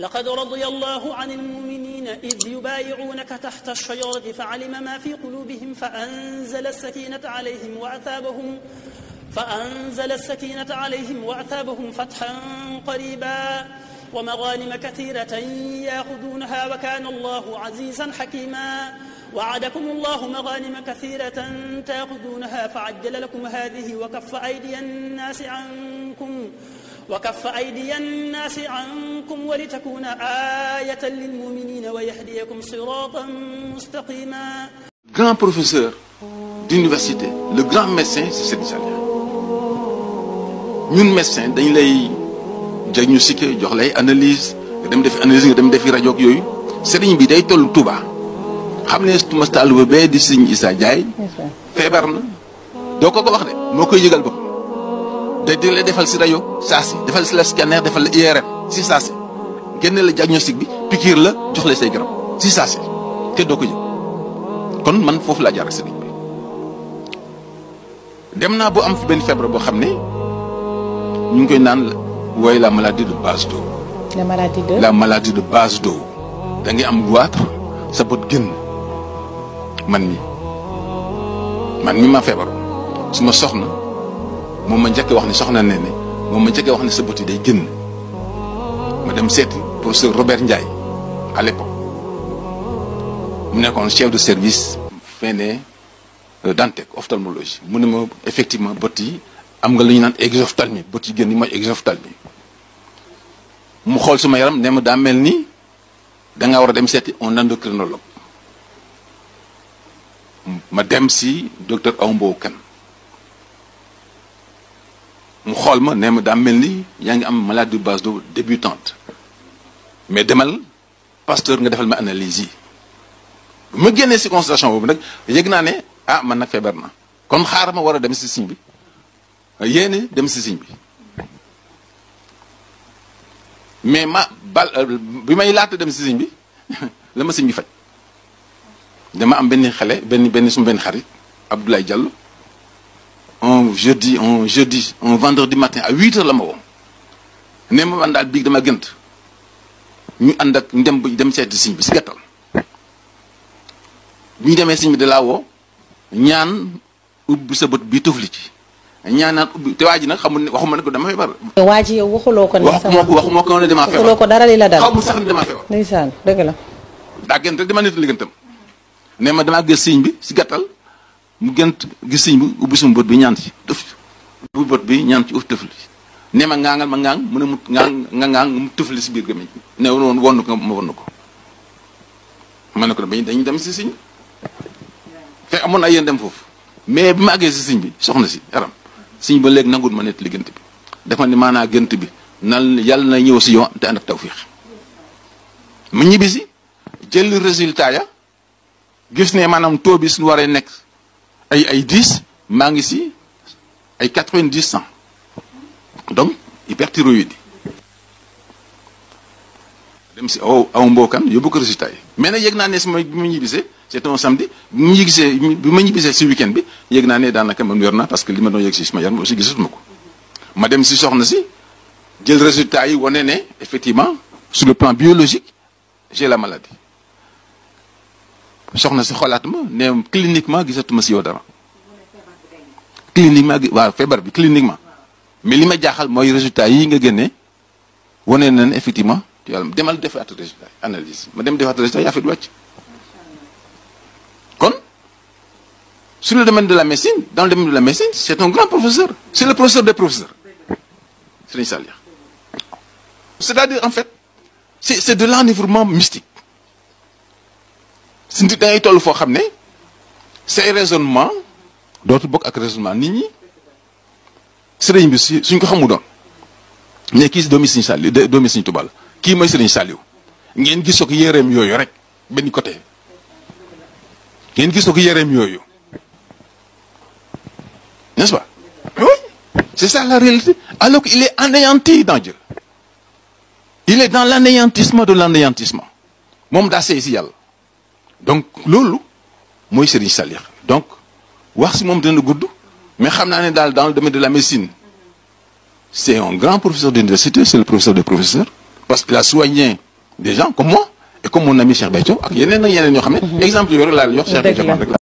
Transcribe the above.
لقد رضي الله عن المؤمنين إذ يبايعونك تحت الشجرة فعلم ما في قلوبهم فأنزل السكينة عليهم وأثابهم فأنزل السكينة عليهم وأثابهم فتحا قريبا ومغانم كثيرة يأخذونها وكان الله عزيزا حكيما وعدكم الله مغانم كثيرة تأخذونها فعجل لكم هذه وكف أيدي الناس عنكم وكف أيدي الناس عنكم ولتكون آية للمؤمنين ويهديكم صراطا مستقيما Grand professeur d'université, le grand médecin, c'est Serigne Saliou ñun médecin dañ lay diagnostiqué jox lay analyse nga dem defi analyse nga dem defi yooyu sëriñ bi day toll Touba xam ne tuma taalibe bee di sëriñ Issa Diaye feebar na doo ko ko wax de moo koy yëgal bopp te di defal si rajo saa defal si la scanner defal la IRM si saa si bi pikiir la jox la say garab si saa man foofu laa jaar ak dem naa bu am fu benn feebar boo xam ne ñu ngi koy naan wooy la maladie de base d'eau. la de la maladie de base d'eau am goitre sa bot génn man mi man mi ma feebar suma soxna. moom ma njëkkee wax ni soxna ne ne moom ma njëkkee wax ni sa bët yi day génn ma dem seeti professeur Robert Ndiaye à mu nekkoon chef de service fene euh, Dantec ophtalmologie mu ne ma effectivement bët yi am nga lu ñu naan exophtalmie bët yi génn yi mooy bi mu xool suma yaram ne ma daa mel ni danga war a dem seeti un endocrinologue ma dem si docteur Aumbo Kane mu xool ma nee ma daa mel ni yaa ngi am maladie de base de débutante mais demal pasteur nga defal ma analyse yi bu ma génnee si consultation boobu nag yëg naa ne ah man nag feebar na kon xaar ma war a dem si signe bi yéene dem si signe bi mais ma bal bi may laata dem si signe bi la ma signe bi faj dama am benn xale benn benn suma benn xarit Abdoulaye Diallo un jeudi un jeudi un vendredi matin à huit heures la ma woo nee daal biig dama gënt ñu ànd ak ndem dem seeti siñ bi si gàttal bu ñu demee siñ bi da laa ñaan ubbi sa bët bi tufli ci ñaanaan ubbi te waa ji nag xamul ne waxuma ne ko dama feebar. waa ji waxuloo ko. ne sama ko ne ko ma ne damaa feebar. ndeysaan dëgg la. daa gënt rek dama nit li gëntam nee ma damaa bi si gàttal. mu gënt gis sëñ bi ubbi suñu bët bi ñaan ci tëf ubbi bët bi ñaan ci uf tëfli ne ma ngaangal ma ngaang mu ne mu ngaang nga ngaang mu tëfli si biir gémmiñ ne woon wonn ko ma wonn ko ma ne ko bañ dañu dem si sëñ fekk amoon ay yéen dem foofu mais bi ma àggee si sëñ bi soxna si aram sëñ ba léegi nangul ma ne li gént bi dafa ne maanaa gënt bi nan yàlla na ñëw si yow te ànd ak tawfiix mu ñibbi si jël résultat ya gis ne maanaam taux bi suñu waree nekk ay ay dix maa ngi si ay quatre-vingt-dix cent donc hyperthyroïdie dem si aw aw mbookan yóbbu ko résultat yi mais nag yëg naa ne si ma bi ma ñibbisee c'était un samedi bi ma ñibbisee bi ma ñibbisee si week bi yëg naa ne daanaka man wér naa parce que li ma doon yëg si sama yaram aussi ko ma dem si soxna si jël résultat yi wane ne effectivement sur le plan biologique j'ai la maladie soxna si xolaat ma ne cliniquement gisatuma si yow dara cliniquement waa feebar bi cliniquement mais li ma jaaxal mooy résultat yi nga génne wane na ne effectivement yàlla demal defaat résultat analyse ma dem defaat résultat yi affaire bi wàcc kon sur le domaine de la médecine dans le domaine de la médecine c' est un grand professeur c' est le professeur des professeurs Serigne Saliou c'est-à-dire en fait c'est de l'enivrement mystique si nit dangay toll foo xam ne say raisonnement dootu bokk ak raisonnement nit ñi sëriñ bi si suñ ko xamu doon mais kii si doomi Sëriñ Saliou doomi Sëriñ Tuubaa la kii mooy Sëriñ Saliou ngeen gisoo ko yéreem yooyu rek benn côté ngeen gisoo ko yéreem yooyu n'est-ce pas oui c'est ça la réalité alors qu'il est anéanti dans Dieu il est dans l'anéantissement de l'anéantissement moom daa sey si yàlla donc loolu mooy Serigne Salih donc wax si moom dana gudd mais xam na ne daal dans le domaine de la médecine c'est un grand professeur d'université c'est le professeur des professeurs parce qu'il a soigné des gens comme moi et comme mon ami Cheikh Béthio ak yeneen ak yeneen ne mhm. exemple yooyu rek laa la jox